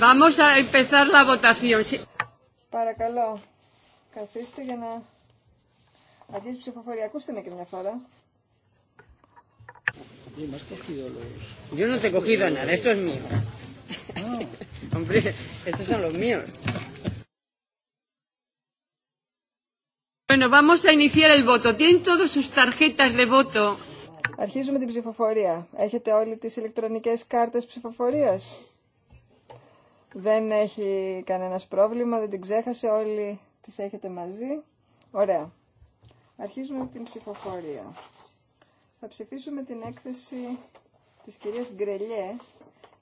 Vamos a empezar la votación. Παρακαλώ, καθίστε για να αρχίσει η ψηφοφορία. Ακούστε με και μια φορά. Yo no te he cogido nada, esto es mío. Hombre, estos son los míos. Bueno, vamos a iniciar el voto. Αρχίζουμε την ψηφοφορία. Έχετε όλοι τις ηλεκτρονικές κάρτες ψηφοφορίας. Δεν έχει κανένας πρόβλημα, δεν την ξέχασε, όλοι τις έχετε μαζί. Ωραία. Αρχίζουμε την ψηφοφορία. Θα ψηφίσουμε την έκθεση της κυρίας Γκρελιέ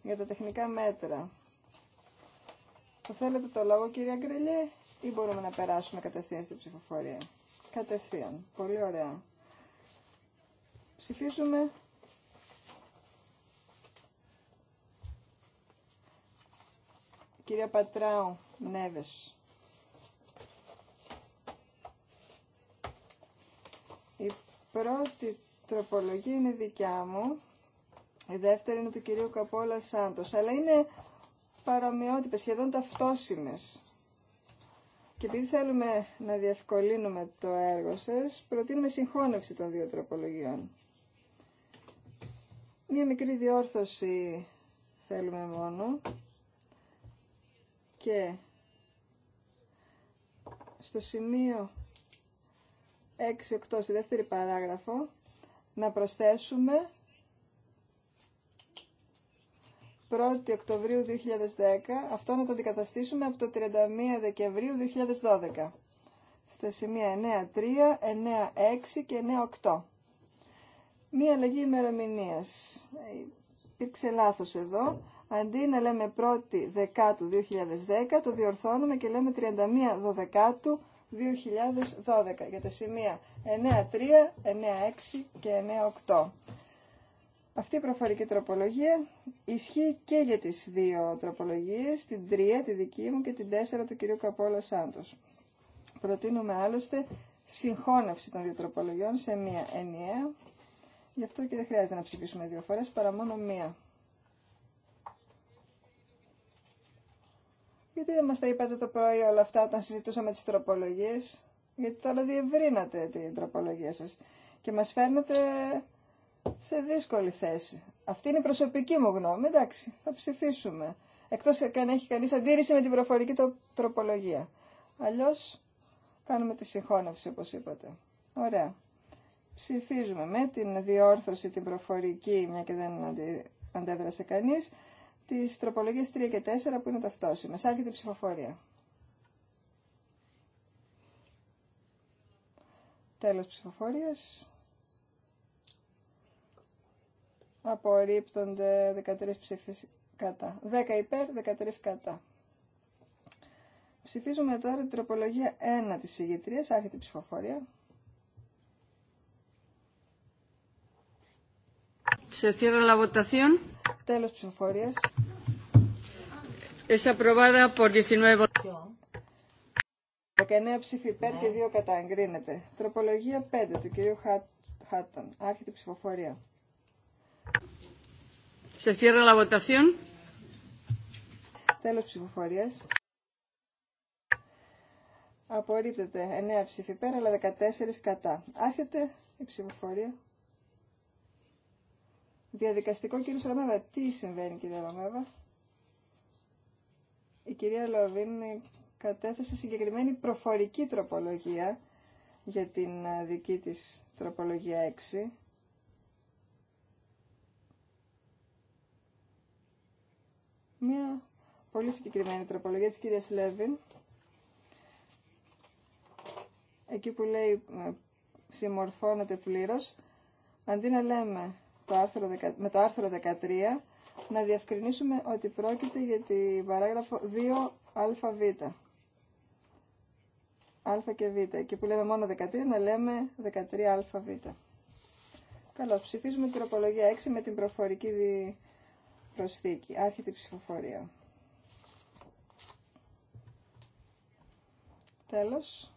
για τα τεχνικά μέτρα. Θα θέλετε το λόγο κυρία Γκρελιέ ή μπορούμε να περάσουμε κατευθείαν στην ψηφοφορία. Κατευθείαν. Πολύ ωραία. Ψηφίζουμε κυρία Πατράου Νέβες. Η πρώτη τροπολογία είναι δικιά μου, η δεύτερη είναι του κυρίου Καπόλα Σάντος, αλλά είναι παρομοιότυπες, σχεδόν ταυτόσιμες. Και επειδή θέλουμε να διευκολύνουμε το έργο σας, προτείνουμε συγχώνευση των δύο τροπολογιών. Μία μικρή διόρθωση θέλουμε μόνο και στο σημείο 6-8, στη δεύτερη παράγραφο, να προσθέσουμε 1η Οκτωβρίου 2010, αυτό να το αντικαταστήσουμε από το 31 Δεκεμβρίου 2012, στα σημεία 9.3, 9.6 και 9.8. Μία αλλαγή ημερομηνία. Υπήρξε λάθο εδώ. Αντί να λέμε 1η Δεκάτου 2010, το διορθώνουμε και λέμε 31 Δεκάτου 2012 για τα σημεία 9.3, 9.6 και 9.8. Αυτή η προφορική τροπολογία ισχύει και για τις δύο τροπολογίες, την τρία, τη δική μου και την τέσσερα, του κυρίου Καπόλα Σάντος. Προτείνουμε άλλωστε συγχώνευση των δύο τροπολογιών σε μία ενιαία, γι' αυτό και δεν χρειάζεται να ψηφίσουμε δύο φορές παρά μόνο μία. Γιατί δεν μας τα είπατε το πρωί όλα αυτά όταν συζητούσαμε τις τροπολογίες, γιατί τώρα διευρύνατε την τροπολογία σας και μας φέρνετε σε δύσκολη θέση. Αυτή είναι η προσωπική μου γνώμη. Εντάξει, θα ψηφίσουμε. Εκτός αν έχει κανείς αντίρρηση με την προφορική τροπολογία. Αλλιώς κάνουμε τη συγχώνευση όπως είπατε. Ωραία. Ψηφίζουμε με την διόρθωση την προφορική, μια και δεν αντέδρασε κανείς, τις τροπολογίες 3 και 4 που είναι ταυτόσιμες. Άρχεται ψηφοφορία. Τέλος ψηφοφορίας. απορρίπτονται 13 ψήφες κατά. 10 υπέρ, 13 κατά. Ψηφίζουμε τώρα την τροπολογία 1 της ηγητρίας, άρχεται η ψηφοφορία. Σε la votación. Τέλος ψηφοφορίας. Es aprobada por 19 19 ψήφοι υπέρ και 2 κατά εγκρίνεται. Τροπολογία 5 του κυρίου Χάτ, Χάττον. Άρχεται η ψηφοφορία. Se cierra la votación. Τέλος ψηφοφορίας. Απορρίπτεται 9 ψήφοι πέρα, αλλά 14 κατά. Άρχεται η ψηφοφορία. Διαδικαστικό κύριο Ρωμέβα. Τι συμβαίνει κύριε Ρωμέβα. Η κυρία Λοβίν κατέθεσε συγκεκριμένη προφορική τροπολογία για την ε, δική της τροπολογία 6 Μία πολύ συγκεκριμένη τροπολογία της κυρίας Λέβιν, εκεί που λέει ε, συμμορφώνεται πλήρως, αντί να λέμε το άρθρο, με το άρθρο 13, να διευκρινίσουμε ότι πρόκειται για την παράγραφο 2αβ. Α και Β. Εκεί που λέμε μόνο 13, να λέμε 13αβ. Καλώς. Ψηφίζουμε την τροπολογία 6 με την προφορική προσθήκη. Άρχεται η ψηφοφορία. Τέλος.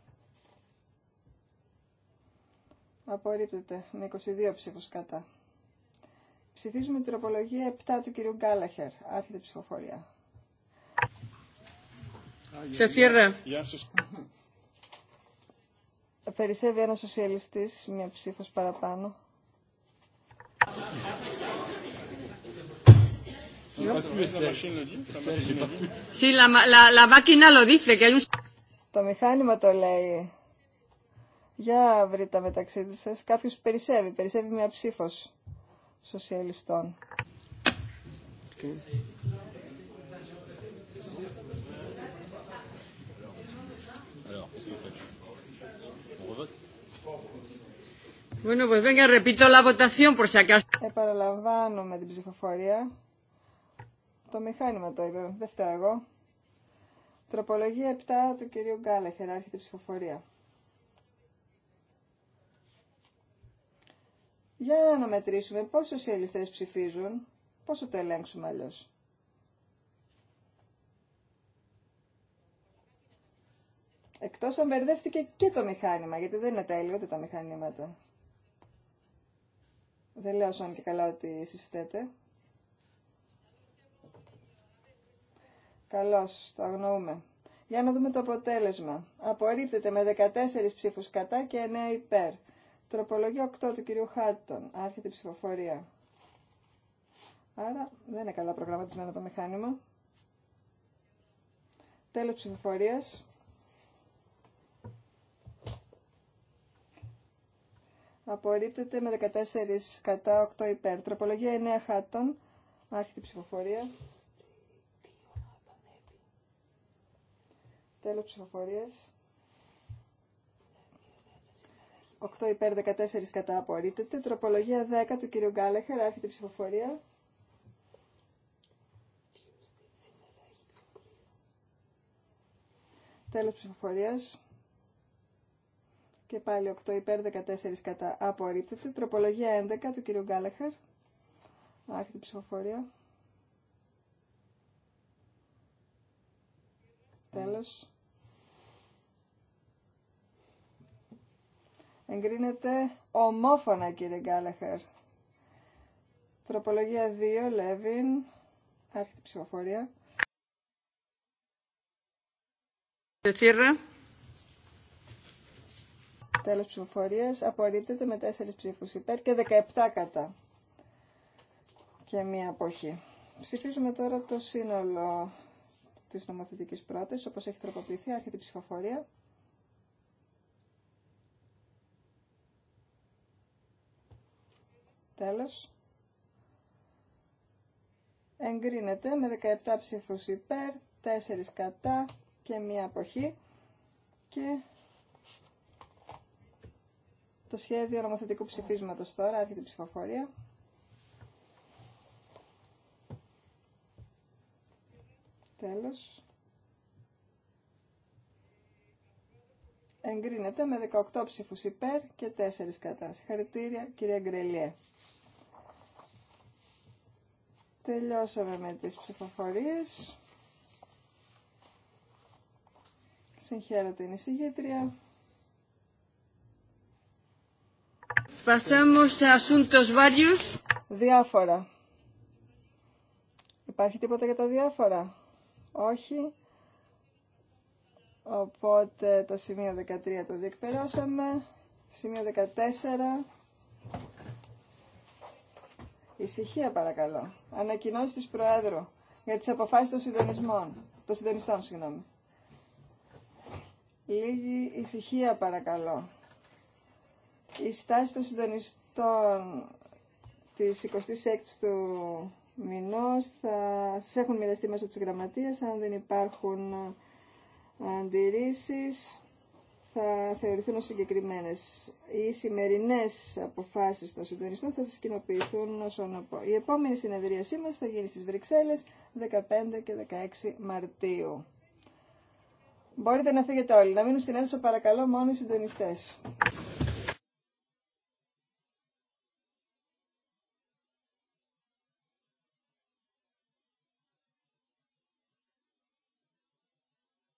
Απορρίπτεται με 22 ψήφους κατά. Ψηφίζουμε την τροπολογία 7 του κυρίου Γκάλαχερ. Άρχεται η ψηφοφορία. Σε Περισσεύει ένας σοσιαλιστής, μια ψήφος παραπάνω. Το μηχάνημα το λέει. Για βρείτε μεταξύ σας. Ε, κάποιος περισσεύει. Περισσεύει μια ψήφος σοσιαλιστών. Επαναλαμβάνουμε την ψηφοφορία. Το μηχάνημα το είπε, δεν φταίω εγώ. Τροπολογία 7 του κυρίου Γκάλεχερ, άρχεται ψηφοφορία. Για να μετρήσουμε πόσοι σοσιαλιστές ψηφίζουν, πόσο το ελέγξουμε αλλιώ. Εκτός αν μπερδεύτηκε και το μηχάνημα, γιατί δεν είναι τέλειο ούτε τα μηχανήματα. Δεν λέω σαν και καλά ότι εσείς φταίτε. Καλώς, το αγνοούμε. Για να δούμε το αποτέλεσμα. Απορρίπτεται με 14 ψήφους κατά και 9 υπέρ. Τροπολογία 8 του κυρίου Χάττον. Άρχεται η ψηφοφορία. Άρα δεν είναι καλά προγραμματισμένο το μηχάνημα. Τέλος ψηφοφορίας. Απορρίπτεται με 14 κατά 8 υπέρ. Τροπολογία 9 Χάττον. Άρχεται η ψηφοφορία. Τέλος ψηφοφορίας. 8 υπέρ 14 κατά απορρίτεται. Τροπολογία 10 του κύριου Γκάλεχερ. Άρχεται η ψηφοφορία. Τέλος ψηφοφορίας. Και πάλι 8 υπέρ 14 κατά απορρίπτεται. Τροπολογία 11 του κύριου Γκάλεχερ. Άρχεται η ψηφοφορία. Τέλος. Εγκρίνεται ομόφωνα κύριε Γκάλαχερ. Τροπολογία 2, Λέβιν. Άρχιτε ψηφοφορία. Τέλο Τέλος ψηφοφορίας. Απορρίπτεται με 4 ψήφους υπέρ και 17 κατά. Και μία αποχή. Ψηφίζουμε τώρα το σύνολο της νομοθετικής πρότασης, όπως έχει τροποποιηθεί, Άρχιτε ψηφοφορία. Τέλος. Εγκρίνεται με 17 ψήφους υπέρ, 4 κατά και μία αποχή και το σχέδιο νομοθετικού ψηφίσματος τώρα, έρχεται η ψηφοφορία. Τέλος. Εγκρίνεται με 18 ψήφους υπέρ και 4 κατά. Συγχαρητήρια κυρία Γκρελιέ. Τελειώσαμε με τις ψηφοφορίες. Συγχαίρω την εισηγήτρια. σε Διάφορα. Υπάρχει τίποτα για τα διάφορα. Όχι. Οπότε το σημείο 13 το διεκπαιρώσαμε. Σημείο 14. Ησυχία παρακαλώ. Ανακοινώσει τη Προέδρου για τις αποφάσεις των συντονισμών. Των συντονιστών, συγγνώμη. Λίγη ησυχία παρακαλώ. Η στάση των συντονιστών τη 26 η του Μηνό. θα σας έχουν μοιραστεί μέσω τη γραμματείας αν δεν υπάρχουν ε, αντιρρήσει θα θεωρηθούν ως συγκεκριμένες. Οι σημερινές αποφάσεις των συντονιστών θα σας κοινοποιηθούν όσον Η επόμενη συνεδρίασή μας θα γίνει στις Βρυξέλλες 15 και 16 Μαρτίου. Μπορείτε να φύγετε όλοι. Να μείνουν στην αίθουσα παρακαλώ μόνο οι συντονιστές.